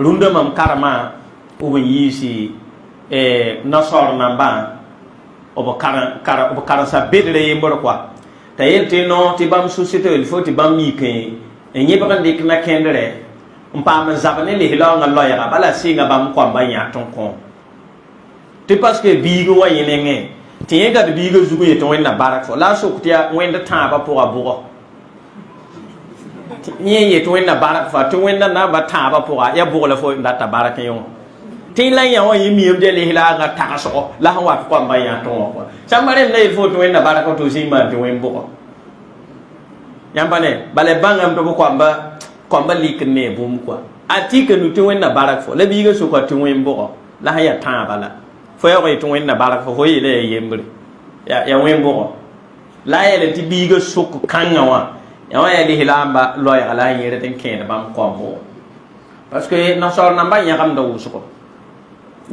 rũndã mam karemã b n yiisi e, nasaor nambã b karensa bedre yembr koa t'a yel tɩ no tɩ bãmb société il faut tɩ bãmb miikẽ e n yẽbg n dɩk nakẽndrɛ n paam n zab ne lislaoongã loɛɛga bala a sɩnga bãmb koambã yã tɩ n kõ tɩ parske biig wã yẽ nengẽ tɩ yẽ gad biigã zugẽ yetɩ wẽnna bark fo la a sok tɩ ya wẽnd tãabã pʋga yẽ yet wẽnna bark fa tɩ wẽnna na n ba tãabã pʋga ya bʋgla fo n data bark yẽ wã tɩ la yã wã yɩ miimde lislaaga tagsgɔ la sẽn wat koamba yã tõog wa sãmba rẽm la fo tɩ wẽnna bark tɩ zĩ maan tɩ wẽn bʋgɔ yãmba ne bala bãngame tɩ b koamba koamba lik n ne bũmb kɔa a tika nu tɩ wẽnna bark fo la biigã sʋka tɩ wẽn bʋgɔ la sẽn ya tãabã la fo yaoog yetɩ wẽnna bark fo fo yeela ya yembre ya wẽn bʋgɔ la a yɛlɛ tɩ biigã sʋk kãngã wã yawa ya lihlamba loy ala yere den kene bam kombo parce que na sol na mbanya kam da wusuko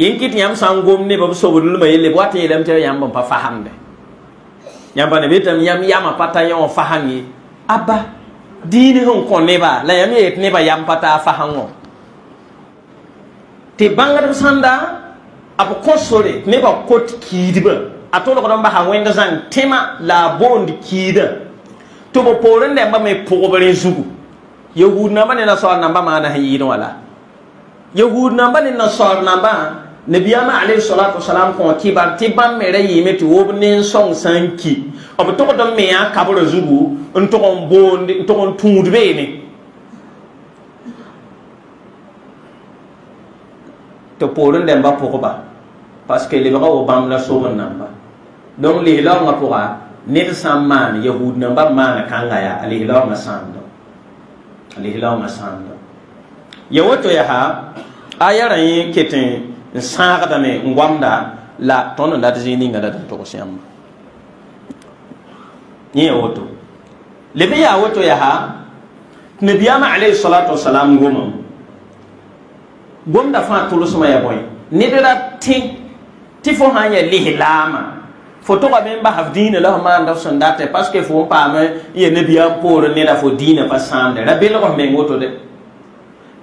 yinkit yam sangom ne bam sobo b ma yele wate yele mte yam bam pa fahamde yam bana betam yam yama pata yon fahangi abba dini hon ko neba la yam yet neba yam pata fahango te bangar sanda ab kosore neba kot kiidbã a ko dam ba ha wenda zan tema la bond kidba to bo porin da ba mai pogobarin zugu yahud na bane nasar nan ba ma na hayi wala yahud na bane nasar nan ba nabiyama alayhi salatu wasalam ko kibar ti ban mere yi meti wob ne song sanki ob to don me ya kabro zugu on to on bonde on to on tungudu be ne to porin da ba pogoba parce que le ba o bam la so nan ba donc le la on ned sã maan yahud namba maana kãnga ya alihilaoma sãamda alihilaoma sãamda ya woto yaa a ya rã yẽ ket n sãagdame n goamda la tõnd n dat zĩig ninga dat n togs yãmba yẽ ya woto leb n yaa woto yaa tɩ nabiyaama alayhi salatu wasalam goma gomda fãa tʋlsmã ya bõe ned ra tẽ tɩ fo sãn ya lislaama foto ga men ba hav dina la ma ndaw son date parce que fo pa me ye ne biya pour ne da fo dina pa sande la bel ko men goto de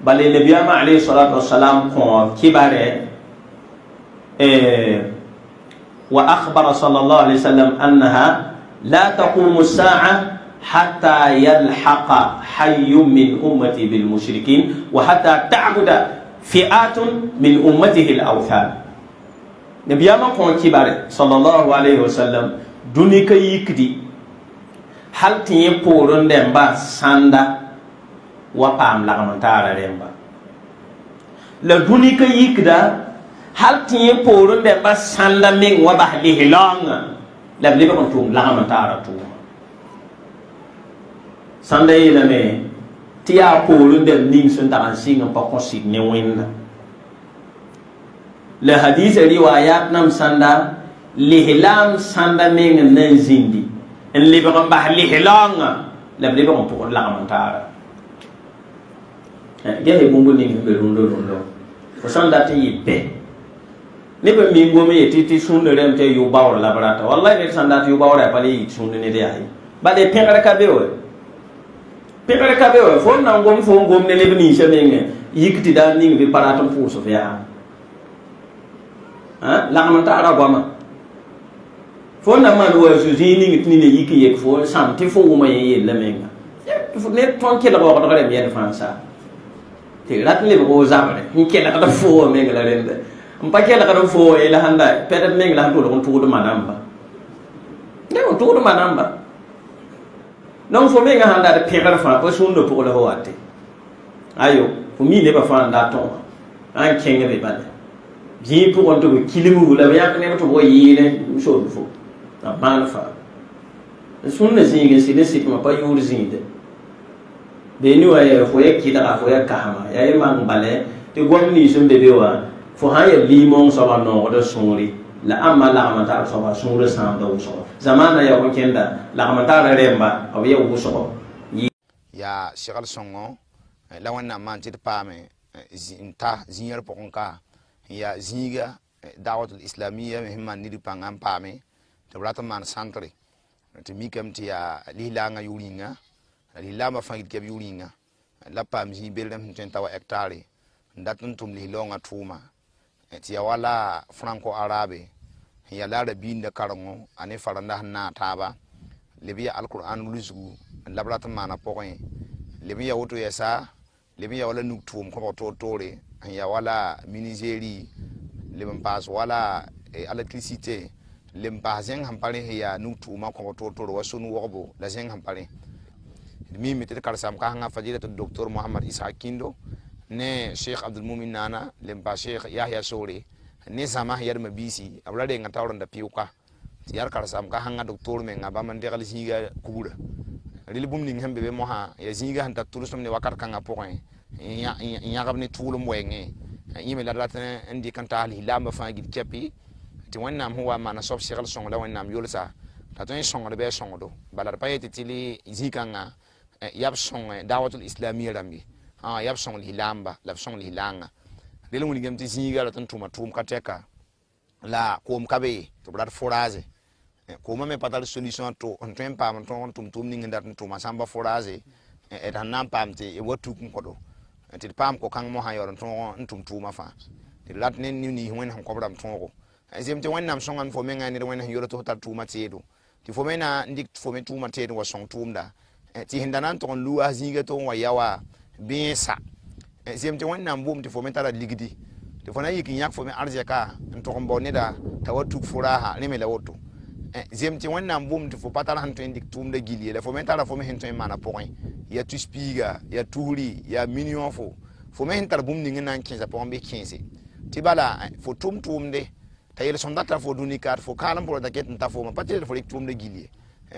bale le biya ma alayhi salatu wassalam ko kibare eh wa akhbara sallallahu alaihi wasallam annaha la taqumu as-sa'a حتى يلحق حي من أمتي بالمشركين وحتى تعبد فئات من أمته الأوثان nebiyama kõn kɩbare sallallahu alaihi wasallam dũnika yikdi hal tɩ yẽ poorẽ dẽmba sãnda wa paam lagem taara rẽmba la dũnika yikda hal tɩ yẽ poorẽ dẽmba sãnda meng wa bas lislaoongã la b lebg n tʋʋm lagem taara tʋʋma sãnda yeelame tɩ yaa poorẽ dẽmb ning sẽn tag n sɩng n pa kõ sɩd ne wẽnda la hadisa e riwayat nam sanda lihlam sanda meng nan zindi en li bagam bah lihlang la b bagam n la lagem ya taara gɛsɛ bũmb ning be rũndã rũndã fo sanda te n yɩ pɛ neb n ming gome ye tɩ sũnd rem te yu baoor la barata wallahi ni sanda dat yu baoor yaa pa le de sũnd ned yaa ye bala y ka be o pẽgr ka be o fo na ngom gom fo n gom ne leb ninsã mengẽ yik tɩ da n ning bɩ pa rat n langam n taara goama fo na man wa zu zĩig ning tɩ nina yik yek fo sãn tɩ fo wʋma yẽ yella menga ned tõnd kelg-waoodg rem yɛd fãa saa tɩ rat lebg o zabre n la rẽnda n pa kelgd n fo wa yela sãn la pɛd meng la manamba ne n tʋgd manamba donc fo menga sãn dat pẽgr fãa pa sũndã pʋgla fo ayo fo mi nebã fãa n da tõga n kẽngbe jipu wonto ko kilimu la ya ne to boyi ne so do fo na ban fa sunna zinge sile sit ma payur zinde de ni wa ya fo ya kida fo ya kahama ya yi e man bale te gwamni sun bebe wa fo ha ya limon so ba no da sunri la amma la amma ta so ba sunri san da so zamana ya ko kenda la amma ta remba abu ya wuso ya shagal songo eh, la wannan man pame eh, zinta zinyar pokonka ya zĩiga eh, dawatul islamia me sẽn maan nid pãngã n paame tɩ b rat n maan sãntre tɩ mikame tɩ yaa lislaangã yʋ rĩnga lislaambã fãa yit kɛb yʋ rĩnga la paam zĩig belgrẽ sẽn tõe n ta wa hɛctare n dat n tʋm lislaoongã tʋʋma tɩ ya wala franco arabe n yaa la a rabiinda karengo a ne farenda sẽn naag taaba leb n yaa alkur'an ruzgu n lab rat n maana pʋgẽ leb n ya woto yɛsa leb n ya wala nug tʋʋm kõbg toor toore n eh, ya wala minizeri leb n wala electricité leb n paas zẽng sẽn pa rẽ sẽn yaa nug wa sõn wogbo la zẽng sẽn pa rẽ d miime tɩ d karsam kãsengã fa docteur mohamad isa kindo ne sheikh abdulmumin nana leb n yahya sore ne zãma sẽn yadma biisi b ra rengã taoorẽnda pɩʋka tɩ yaa d karsam kãsengã docteur menga bãmb n degl zĩiga kubra rel bũmb ning sẽn be be mosã yaa zĩiga sẽn ta tʋlsem ne wakat kãngã pʋgẽ yãgb ne tʋʋlem wɛɛngẽ eh. eh, yẽme la rat n dɩk n taas lislaambã fãa gil kɛpɩ tɩ wẽnnaam sẽn wa maana soab segl sõng la wẽnnaam yolsa la tõe n sõngd bɩ a sõngdo bala d pa yetɩ tɩ eh, le zĩ-kãngã yab sõng dawatul islamia rãmbe yab sõng lislaamba la b sõng lislaanga rel wilgame tɩ zĩiga rat n tʋma tʋʋm ka tɛka la koom ka be tɩ b rat forage koomã me pa tar solution to n tõe n paam tõog n tʋm tʋʋm ning dat n tʋma sãn ba forage d sẽn na n paam tɩ e wa tuk n kõdo tɩd paam kokãng mosã yaoor n tõog n tʋm tʋʋmã fãa tɩ lat ne niis wẽnd sẽn kobra m tõogo zem tɩ wẽnnaam sõnga n fo menga ned wẽnd sẽn yol tɩ f tar tʋʋmã teedo tɩ fo me na n dɩk fo me tʋʋmã teed n wa sõng tʋʋmda tɩ sẽn da na n tog n luaas zĩiga tɩ n wa ya wa bẽesa zem tɩ wẽnnaam bʋʋm tɩ fo me tara ligdi tɩ fo na yik n yãk fo me arzɛka n tog n bao neda t'a wa tuk fo raasa rẽ me la woto zem tɩ wẽnnaam bʋmd tɩ fo pa tara sẽn tõe n dɩk tʋʋmda gil yeela fo me n tara fo me sẽn tõe n maana pʋgẽ yaa tuspiiga yaa tusri yaa miniõ fo fo me sẽn tar bũmb ning na n kẽesa pʋgẽ bɩ kẽese tɩ bala eh, fo tʋm tʋʋmde t'a yel sõmda tara fo dũni fo kaalem pʋrã t'a n ta foome pa tɩ fo rɩk tʋʋmda gil ye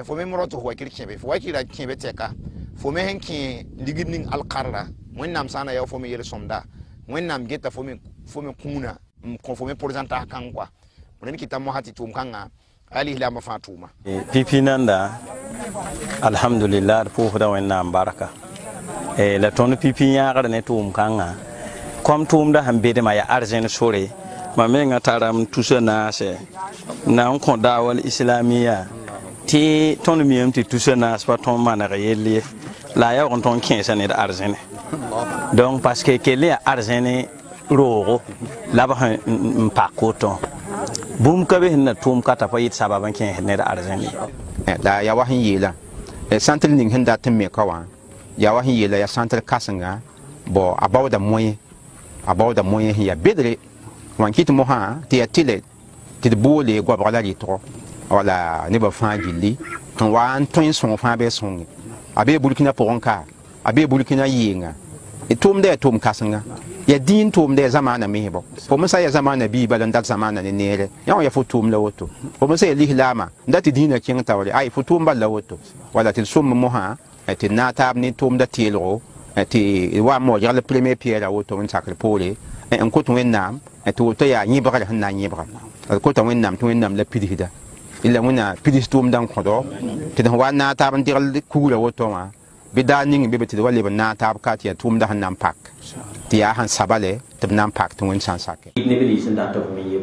fo me m tɩ fo wakɩr kẽbe fo wakɩra kẽbe tɛka fo me sẽn kẽ ligd ning alkarra wẽnnaam sã n na yao fo me yel sõmda wẽnnaam geta fo me kũuna n kõ fo me pʋrz kãng koa rẽnd kɩta mosã tɩ tʋʋm kãngã alihlama fa tuma e, nanda alhamdulillah d pʋʋsda wẽnnaam barka e, la tõnd pipi yãagr ne tʋʋm kãngã kom tʋʋmda sẽn bedmã yaa arzẽn sore mam mengã tara m tusa naasɛ na n kõ daawal islamiya tɩ tõnd miyam tɩ tusa naas pa tõnd maneg yell ye la a yaoog n tõnd kẽesa ned arzẽne donc parce que kell yaa arzẽne roogo la b sẽn n pak woto bũmb ka bes n na tʋʋm ka t'a pa yɩ sabab n kẽes ned arzẽnde eh, la ya wa sẽn yeela eh, sãntr ning sẽn dat n meka wã ya wa sẽn yeela ya sãntr kãsenga bɔ a baooda moẽ a baooda moẽ sẽn ya bedre wan kɩt mosã tɩ ya tɩle tɩ d boole goabga la rɩtgɔ wala nebã fãa gilli n wa n tõe n sõng fãa bɩ sõnge a bee burkina pʋgẽ ka a bee burkina yɩɩnga e tʋʋmda يا دين توم ده زمان ميه بو فمسا يا زمان بي بلن دات زمان ني نيره يا يا فوتوم لوتو فمسا يا ليه لاما دات دين كين تاولي اي فوتوم بل لوتو ولا تلسوم موها اتي ناتاب توم ده تيلو اتي وا مو بريمي بيير اوتو من ساكل بولي ان كنت وين نام تو يا ني بغل هنا ني كنت وين نام توين نام لبيدي دا الا منا بيدي توم دان كودو تي وا ناتاب كولا اوتو ما بيدانين بيبتي ولي بناتاب كاتيا توم ده هنام باك ahan sabale sãn sabale tɩ win na n pak tɩ wẽnd sã of me